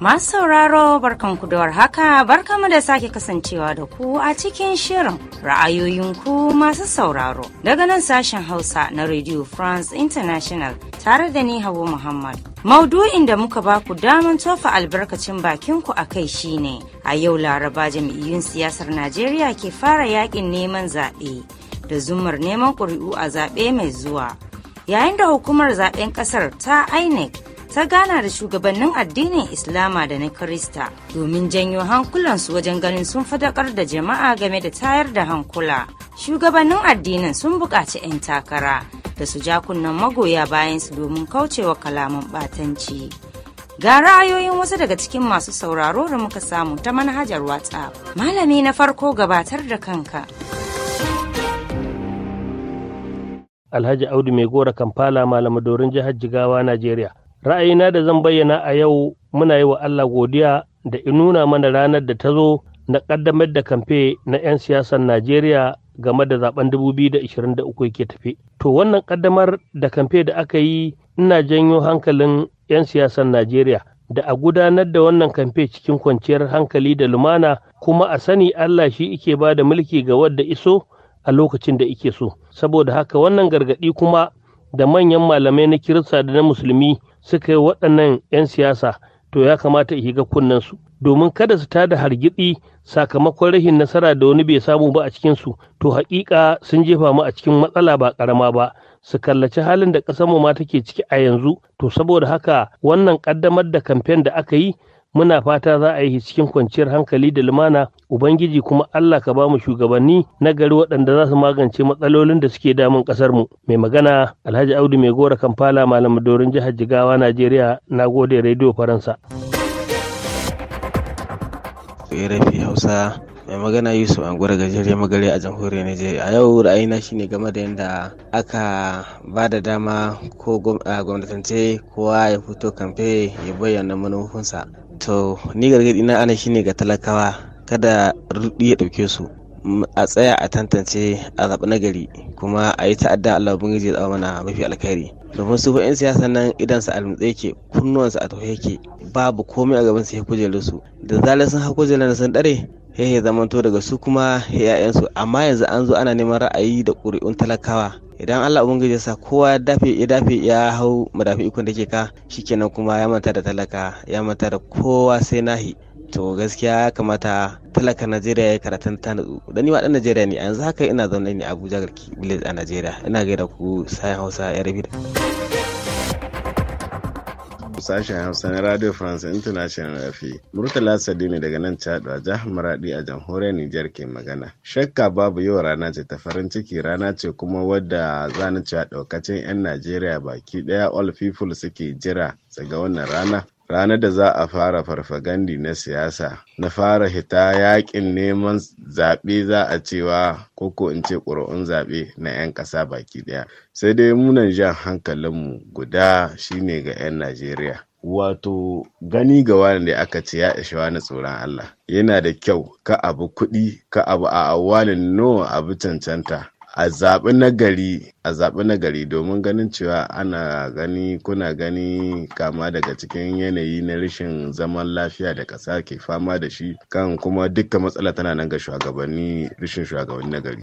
Masu sauraro barkanku da warhaka barkamu da sake kasancewa da ku a cikin shirin ra'ayoyinku masu sauraro daga nan sashen Hausa na Radio France International tare da ni Hawo Muhammad. Maudu'in da muka ba ku daman tofa albarkacin bakinku a kai shine a yau Laraba jam'iyyun siyasar Najeriya ke fara yakin neman zaɓe da zumar neman ƙuri'u a zaɓe mai zuwa. yayin da hukumar zaben kasar ta inec ta gana da shugabannin addinin islama da na krista domin janyo hankulansu wajen ganin sun fadakar da jama'a game da tayar da hankula shugabannin addinin sun buƙaci 'yan takara da su ja kunnen magoya bayan su domin kaucewa kalaman ɓatanci ga ra'ayoyin wasu daga cikin masu sauraro da muka samu ta manhajar whatsapp malami na farko gabatar da kanka. Alhaji Audu Mai Gora Kampala dorin Jihar Jigawa, Najeriya. Ra'ayina da zan bayyana a yau muna yi wa Allah godiya da inuna mana ranar da ta zo na ƙaddamar da kamfe na 'yan siyasar Najeriya game da zaben 2023 ke tafe. To wannan ƙaddamar da kamfe da aka yi ina janyo hankalin 'yan siyasar Najeriya da a gudanar da wannan kamfe cikin kwanciyar hankali da lumana kuma a sani Allah shi ike ba da mulki ga wadda iso a lokacin da ike so saboda haka wannan gargaɗi kuma da manyan malamai na kirista da na musulmi suka yi waɗannan 'yan siyasa to ya kamata ihi kunnen kunnensu domin kada su tada hargitsi sakamakon rahin nasara da wani bai samu ba a cikinsu to haƙiƙa sun jefa mu a cikin matsala ba ƙarama ba su kallaci halin da ƙasar mu ma take ciki a yanzu to saboda haka wannan ƙaddamar da kamfen da aka yi muna fata za a yi cikin kwanciyar hankali da lumana ubangiji kuma Allah ka ba mu shugabanni na gari waɗanda za su magance matsalolin da suke damun ƙasar mu mai magana Alhaji Audu mai gora Kampala malam Dorin jihar Jigawa Najeriya nagode Radio Faransa rafi Hausa mai magana yusuf angwar gajere magare a jamhuriyar nijar a yau ra'ayina shine game da yadda aka ba da dama ko gwamnatance kowa ya fito kamfe ya bayyana manufunsa to ni gargaɗi na ana shine ga talakawa kada rudi ya dauke su a tsaya a tantance a zaɓi nagari kuma a yi ta'adda Allah bin ya zama mana mafi alkhairi domin su yan siyasa nan idan su almutse yake kunnuwansu a tauhe yake babu komai a gaban su ya kujeru su da zalar sun hau na sun dare ya zamanto daga su kuma yayansu amma yanzu an zo ana neman ra'ayi da ƙuri'un talakawa idan Allah ubangiji ya sa kowa ya dafe ya dafe ya hau madafi ikon da ke ka shikenan kuma ya manta da talaka ya manta da kowa sai nahi to gaskiya ya kamata talaka najeriya ya karatun ta nutsu da ni dan najeriya ne yanzu haka ina zaune ne abuja garki village a najeriya ina gaida ku sayan hausa ya rabi da sashen Hausa na Radio France International rafi e. Murtala Sadini daga nan chadu a jihar Maradi a jamhuriyar Nijar ke magana. Shakka babu yau rana ce ta farin ciki rana ce kuma wadda zani cewa daukacin 'yan Najeriya baki daya all people suke jira daga wannan rana ranar da za a fara farfagandi na siyasa na fara hita yakin neman zaɓe za a cewa koko in ce ƙuri'un zaɓe na 'yan ƙasa baki ɗaya sai dai munan jan hankalinmu guda shine ga 'yan najeriya wato gani ga wani aka ce ya ishi wani tsoron Allah yana da kyau ka abu kuɗi ka abu a awalin no abu cancanta a zaɓi nagari a zaɓi nagari domin ganin cewa ana gani kuna gani kama daga cikin yanayi na rashin zaman lafiya da ƙasa ke fama da shi kan kuma dukkan matsala tana nan ga shugabanni rashin shugabanni nagari.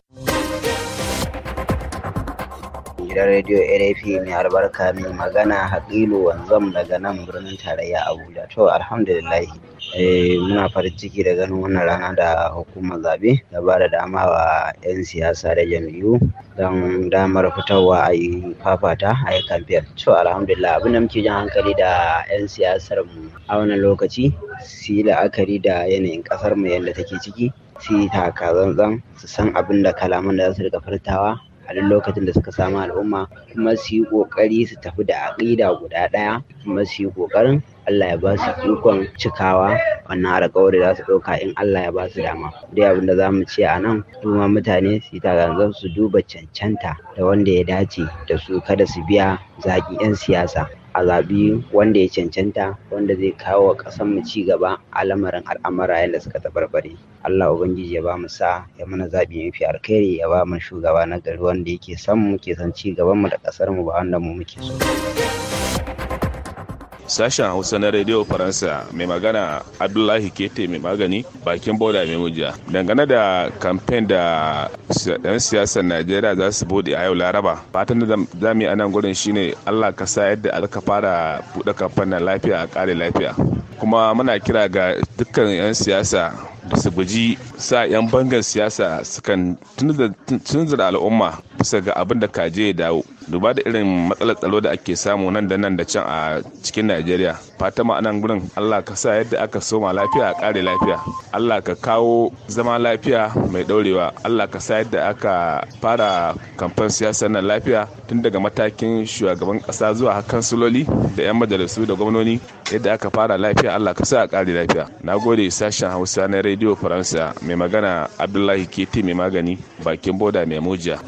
gidan rediyo NAP mai albarka mai magana haƙilu Wanzam daga nan birnin tarayya Abuja. To alhamdulillah eh, muna farin ciki da ganin wannan rana da hukumar zabe da ba da dama wa 'yan siyasa da jam'iyyu don damar fitowa a yi fafata a yi kamfen. To alhamdulillah abin da muke jan hankali da 'yan siyasar mu a wannan lokaci su yi la'akari da yanayin kasar mu yadda take ciki su yi taka zanzan su san abin da kalaman da za su rika furtawa a duk lokacin da suka samu al'umma kuma su yi ƙoƙari su tafi da aƙida guda ɗaya kuma su yi ƙoƙarin Allah ya ba su ikon cikawa wannan alƙawari za su ɗauka in Allah ya ba su dama. Dai abin da za mu ce a nan kuma mutane su yi tagangan su duba cancanta da wanda ya dace da su kada su biya zaƙi 'yan siyasa. a zaɓi wanda ya cancanta wanda zai kawo ƙasar mu ci gaba a lamarin al'amura yadda suka tabarbare Allah ubangiji ya ba mu sa ya mana zaɓi mafi alkhairi ya ba mu shugaba na gari wanda yake son mu ke son ci gaban mu da ƙasar mu ba wanda mu muke so Sashen Hausa na Radio Faransa mai magana Abdullahi Kete mai magani bakin boda mai mujiya. Dangane da kamfen da 'yan siyasar Najeriya za su bude a yau Laraba. Fatan da zami a nan gudun shine Allah ka sa yadda aka fara buɗe kamfen na lafiya a ƙare lafiya. Kuma muna kira ga dukkan 'yan siyasa da su guji sa 'yan bangan siyasa kan tunzura al'umma bisa ga abin da kaje ya dawo duba da irin matsalar tsaro da ake samu nan da nan da can a cikin najeriya fata ma anan gurin allah ka sa yadda aka soma lafiya a kare lafiya allah ka kawo zama lafiya mai daurewa allah ka sa yadda aka fara kamfan siyasar nan lafiya tun daga matakin shugaban kasa zuwa kansuloli da 'yan majalisu da gwamnoni yadda aka fara lafiya allah ka sa a kare lafiya na gode sashen hausa na rediyo faransa mai magana abdullahi keti mai magani bakin boda mai mujiya.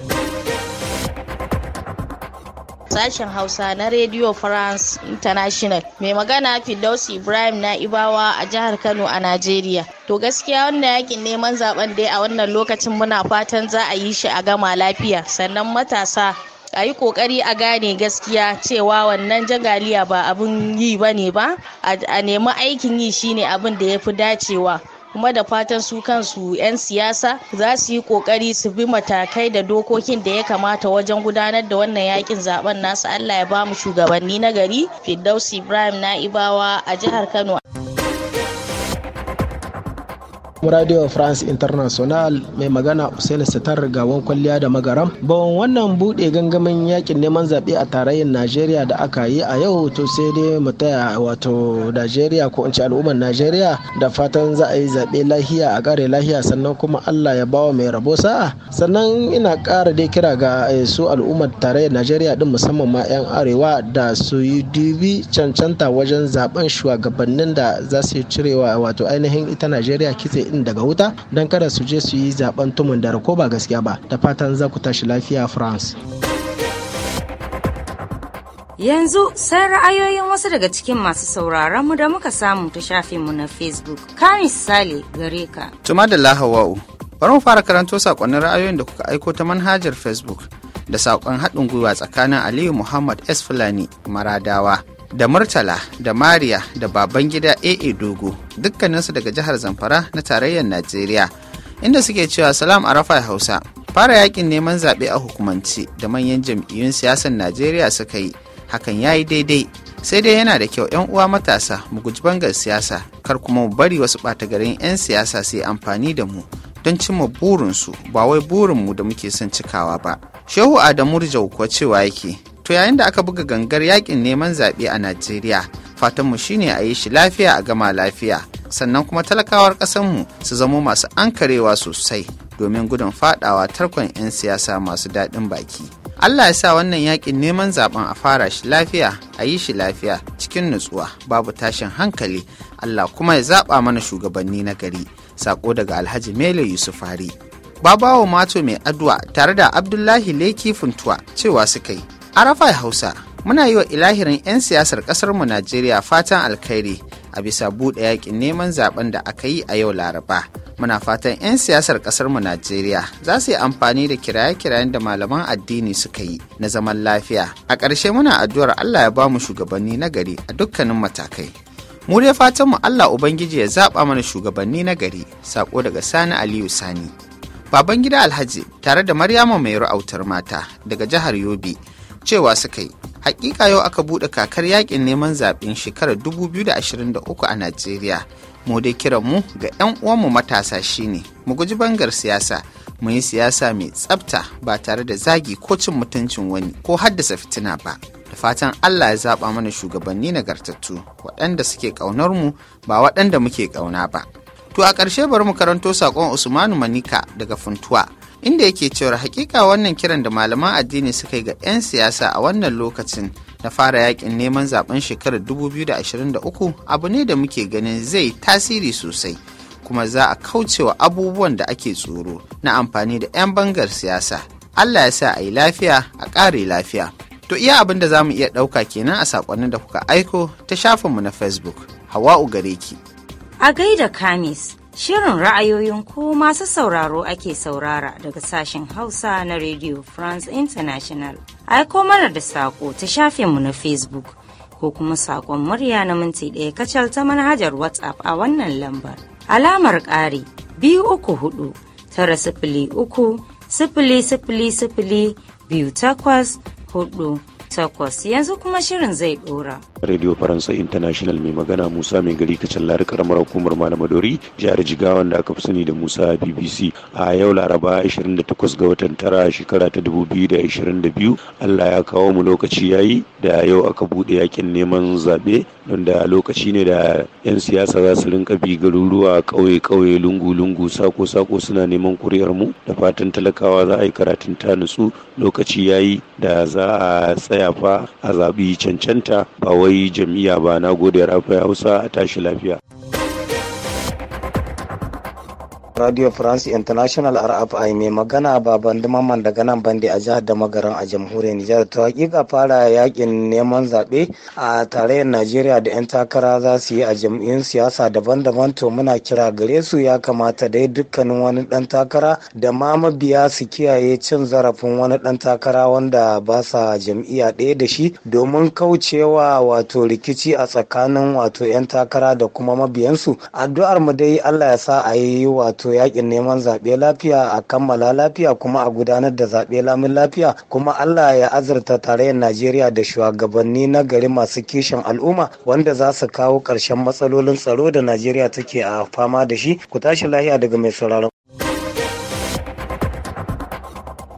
sashen Hausa na Radio France International. Mai magana Fidausi Ibrahim na Ibawa a jihar Kano a Najeriya. To gaskiya wannan yakin neman zaben dai a wannan lokacin muna fatan za a yi shi a gama lafiya. Sannan matasa a yi kokari a gane gaskiya cewa wannan jagaliya ba abin yi ba ne ba a nemi aikin yi shine abin da ya fi dacewa kuma da fatan su kansu 'yan siyasa za su yi kokari su bi matakai da dokokin da ya kamata wajen gudanar da wannan yakin zaben nasu allah ya ba mu shugabanni na gari firdaus ibrahim na'ibawa a jihar kano Radio France International mai magana usain Sitar gawan kwalliya da magaram. Bawan wannan buɗe gangamin yakin neman zaɓe a tarayyar Najeriya da aka yi a yau to sai dai mu taya wato Najeriya ko in ci al'ummar Najeriya da fatan za a yi zaɓe lahiya a ƙare lahiya sannan kuma Allah ya bawa mai rabo sa'a. Sannan ina ƙara dai kira ga eh, su al'ummar tarayyar Najeriya din musamman ma 'yan arewa da su yi dubi cancanta wajen zaben shugabannin da za su cirewa wato ainihin ita Najeriya kitse din daga wuta don kada su je su yi zaben tumun dare ko ba gaskiya ba ta fatan za ku tashi lafiya france Yanzu sai ra'ayoyin wasu daga cikin masu sauraron mu da muka samu ta mu na Facebook. kamis sale gare ka. Tuma da lahawa'u, bari mu fara karanto sakonnin ra'ayoyin da kuka aiko ta manhajar Facebook da saƙon haɗin gwiwa tsakanin Aliyu Muhammad S. Fulani Maradawa da murtala da mariya da baban gida aa dogo dukkaninsu daga jihar zamfara na tarayyar najeriya inda suke cewa salam arafa hausa fara yakin neman zaɓe a hukumance da manyan jam'iyyun siyasar najeriya suka yi hakan ya yi daidai sai dai yana da kyau 'yan uwa matasa mu guji bangar siyasa kar kuma mu bari wasu ɓata garin 'yan siyasa su yi amfani da mu don cimma burinsu ba wai burinmu da muke son cikawa ba shehu adamu rijau kuwa cewa yake to yayin da aka buga gangar yakin neman zaɓe a najeriya fatanmu shine a yi shi lafiya a gama lafiya sannan kuma talakawar ƙasanmu su zamo masu ankarewa sosai domin gudun faɗawa tarkon 'yan siyasa masu daɗin baki allah ya sa wannan yakin neman zaben a fara shi lafiya a yi shi lafiya cikin nutsuwa babu tashin hankali allah kuma ya zaɓa mana shugabanni na gari sako daga alhaji mele yusuf hari babawo mato mai addu'a tare da abdullahi leki funtuwa cewa suka yi arafa Hausa muna yi wa ilahirin 'yan siyasar mu Najeriya fatan alkhairi a bisa buɗe yakin neman zaben da aka yi a yau Laraba. Muna fatan 'yan siyasar mu Najeriya za su yi amfani da kiraye-kirayen da malaman addini suka yi na zaman lafiya. A ƙarshe muna addu'ar Allah ya bamu shugabanni na gari a dukkanin matakai. Mu dai fatan mu Allah Ubangiji ya zaɓa mana shugabanni na gari, sako daga Sani Aliyu Sani. Babangida Alhaji tare da Maryama Mai autar mata daga jihar Yobe. cewa suka yi hakika yau aka buɗe kakar yakin neman zaɓen shekarar 2023 a najeriya mu dai kiran mu ga 'yan uwanmu matasa shine mu guji bangar siyasa mu yi siyasa mai tsafta ba tare da zagi ko cin mutuncin wani ko haddasa fitina ba da fatan allah ya zaba mana shugabanni nagartattu waɗanda suke ƙaunar mu ba waɗanda muke ƙauna ba to a ƙarshe bari mu karanto sakon usmanu manika daga funtuwa inda yake cewar hakika wannan kiran da malaman addini suka yi ga 'yan siyasa a wannan lokacin na fara yakin neman zaben shekarar 2023 abu ne da muke ganin zai tasiri sosai kuma za a kaucewa abubuwan da ake tsoro na amfani da 'yan bangar siyasa allah ya sa a yi lafiya a ƙare lafiya to iya abin da za mu iya ɗauka kenan a saƙonnin da kuka aiko ta shafinmu na facebook hawa'u gare a gaida kamis Shirin ra'ayoyin ku masu sauraro ake saurara daga sashen Hausa na Radio France International. Aiko mana da saƙo ta mu na Facebook ko kuma saƙon murya na minti ɗaya kacal ta manhajar WhatsApp a wannan lambar. Alamar ƙari biyu uku hudu tara sifili uku sifili sifili sifili biyu takwas hudu takwas yanzu kuma shirin zai ɗora. radio faransa international mai magana musa mai gari ta lari karamar hukumar malamadori jihar jigawa da aka fi sani da musa bbc a yau laraba 28 ga watan tara shekara ta 2022 allah ya kawo mu lokaci yayi da yau aka bude yakin neman zaɓe don da lokaci ne da 'yan siyasa za su rinka bi garuruwa ƙauye-ƙauye lungu-lungu sako-sako suna neman kuriyar mu da fatan talakawa za a yi karatun ta nutsu lokaci yayi da za a tsaya fa a zaɓi cancanta ba wai jam'iyya ba na gode rafai hausa a tashi lafiya Radio France International RFI mai magana baban Maman daga nan bande a jihar Damagaran a jamhuriyar Nijar ta hakika fara yakin neman zaɓe a tarayyar Najeriya da 'yan takara za su yi a jam'iyyun siyasa daban-daban to muna kira gare su ya kamata dai dukkanin wani ɗan takara da ma mabiya su kiyaye cin zarafin wani ɗan takara wanda ba sa jam'iyya ɗaya da shi domin kaucewa wato rikici a tsakanin wato 'yan takara da kuma mabiyansu addu'ar mu dai Allah ya sa a yi wato wato yakin neman zaɓe lafiya a kammala lafiya kuma a gudanar da zaɓe lamin lafiya kuma Allah ya azurta tarayyar Najeriya da shugabanni na gari masu kishin al'umma wanda za su kawo ƙarshen matsalolin tsaro da Najeriya take a fama da shi ku tashi lahiya daga mai sauraron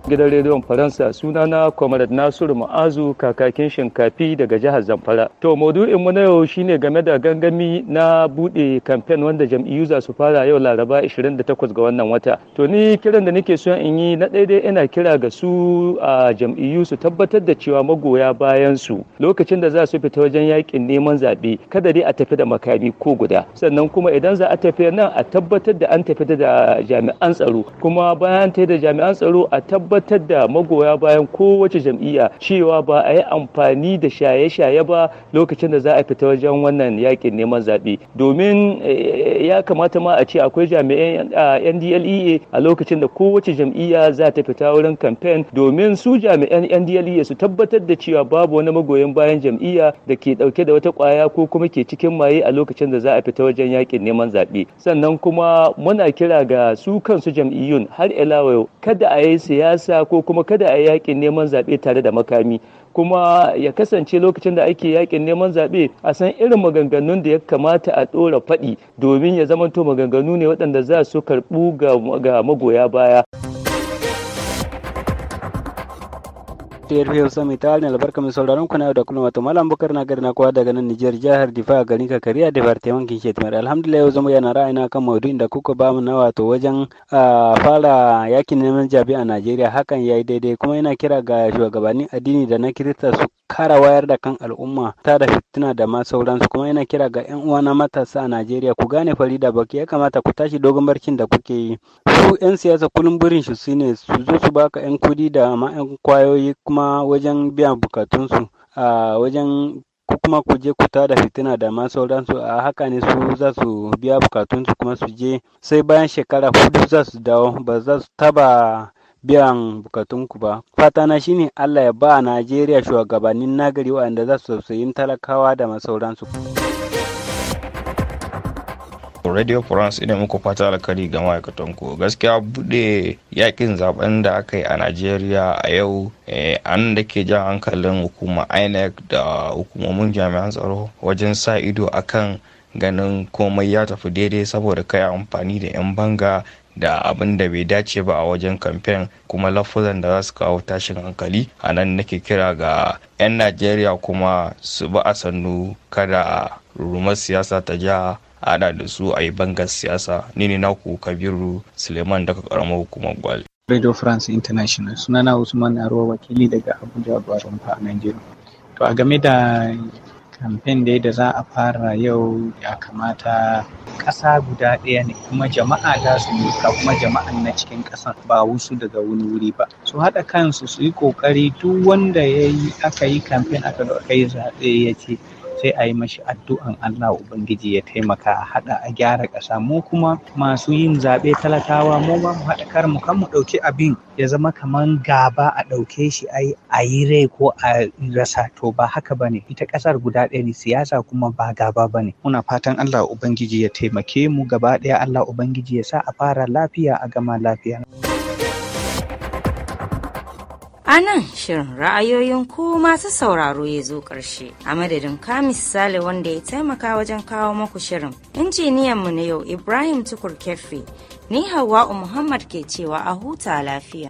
gidan rediyon faransa suna na comrade nasiru ma'azu kakakin shinkafi daga jihar zamfara to maudu'in mu na yau shine game da gangami na buɗe kamfen wanda jam'iyyu za su fara yau laraba 28 ga wannan wata to ni kiran da nake so in yi na daidai ina kira ga su a jam'iyyu su tabbatar da cewa magoya bayan su lokacin da za su fita wajen yakin neman zaɓe kada dai a tafi da makami ko guda sannan kuma idan za a tafi nan a tabbatar da an tafi da jami'an tsaro kuma bayan ta da jami'an tsaro a tabbatar tabbatar da magoya bayan kowace jam'iyya cewa ba a yi amfani da shaye-shaye ba lokacin da za a fita wajen wannan yakin neman zaɓe domin eh, ya kamata ma a ce akwai jami'an ndlea e a lokacin da kowace jam'iyya za ta fita wurin kamfen domin su jami'an ndlea su tabbatar da cewa babu wani magoyan bayan jam'iyya da ke ɗauke da wata kwaya ko kuma ke cikin maye a lokacin da za a fita wajen yakin neman zaɓe sannan kuma muna kira ga su kansu jam'iyyun har ila kada a yi siyasa siyasa ko kuma kada a yakin neman zaɓe tare da makami kuma ya kasance lokacin da ake yakin neman zaɓe a san irin maganganun da ya kamata a ɗora faɗi domin ya zamanto maganganu ne waɗanda za su karɓu ga magoya baya. tayar fiye sami italiya albarka mai sauraron kuna da kullum wato malam bukar na gari na kowa daga nan nijar jihar difa garin kakari a difar kin ke timar alhamdulillah yau zama yana na kan maudu da kuka ba mu na wato wajen fara yakin neman jabi a najeriya hakan ya yi daidai kuma yana kira ga shugabannin addini da na kirista su kara wayar da kan al'umma ta da fitina da ma sauransu kuma yana kira ga yan uwa na matasa a Najeriya ku gane farida da baki ya kamata ku tashi dogon barcin da kuke yi su yan siyasa kullum burin shi shine su zo su baka yan kudi da ma yan kwayoyi kuma wajen biyan bukatunsu a wajen ku kuma ku je ku tada fitina da ma sauransu a haka ne su za su biya bukatunsu kuma su je sai bayan shekara hudu za su dawo ba za su taba biyan ku ba. Fatana shine Allah ya ba Najeriya shugabannin nagari waɗanda za su sosai talakawa da masauransu. radio france ina muku fata alkali ga ma'aikatan ku gaskiya buɗe yakin zaben da aka yi a najeriya a yau eh, an da ke jan hankalin hukuma inec da hukumomin jami'an tsaro wajen sa ido akan ganin komai ya tafi daidai saboda kai amfani da 'yan banga da abin da bai dace ba a wajen kamfen kuma lafuzan da za su kawo tashin hankali a nan nake kira ga 'yan najeriya kuma su ba a sannu kada a rumar siyasa ta jiha haɗa da su a yi bangar siyasa ni ne naku kabiru suleiman daga karamar hukumar gwal radio france international sunana usman arwa wakili daga abuja a nigeria to a game da kamfen dai da za a fara yau ya kamata ƙasa guda ɗaya ne kuma jama'a za su kuma jama'an na cikin ƙasan ba wasu daga wani wuri ba su haɗa kansu su yi ƙoƙari duk wanda ya yi aka yi kamfen aka yi zaɓe ya ce sai a yi mashi addu'an Allah Ubangiji ya taimaka a haɗa a gyara ƙasa mu kuma masu yin zaɓe talakawa mu ba mu haɗa kar mu kan mu ɗauki abin ya zama kaman gaba a ɗauke shi a yi rai ko a rasa to ba haka ba ne ita ƙasar guda ɗaya ne siyasa kuma ba gaba ba ne muna fatan Allah Ubangiji ya taimake mu gaba ɗaya Allah Ubangiji ya sa a fara lafiya a gama lafiya. A nan shirin ra'ayoyin ku masu sauraro ya zo ƙarshe a madadin Kamis Sale wanda ya taimaka wajen kawo maku shirin. Injiniyan mu na yau Ibrahim Tukur Kefe, ni Hawwa'u Muhammad ke cewa a huta lafiya.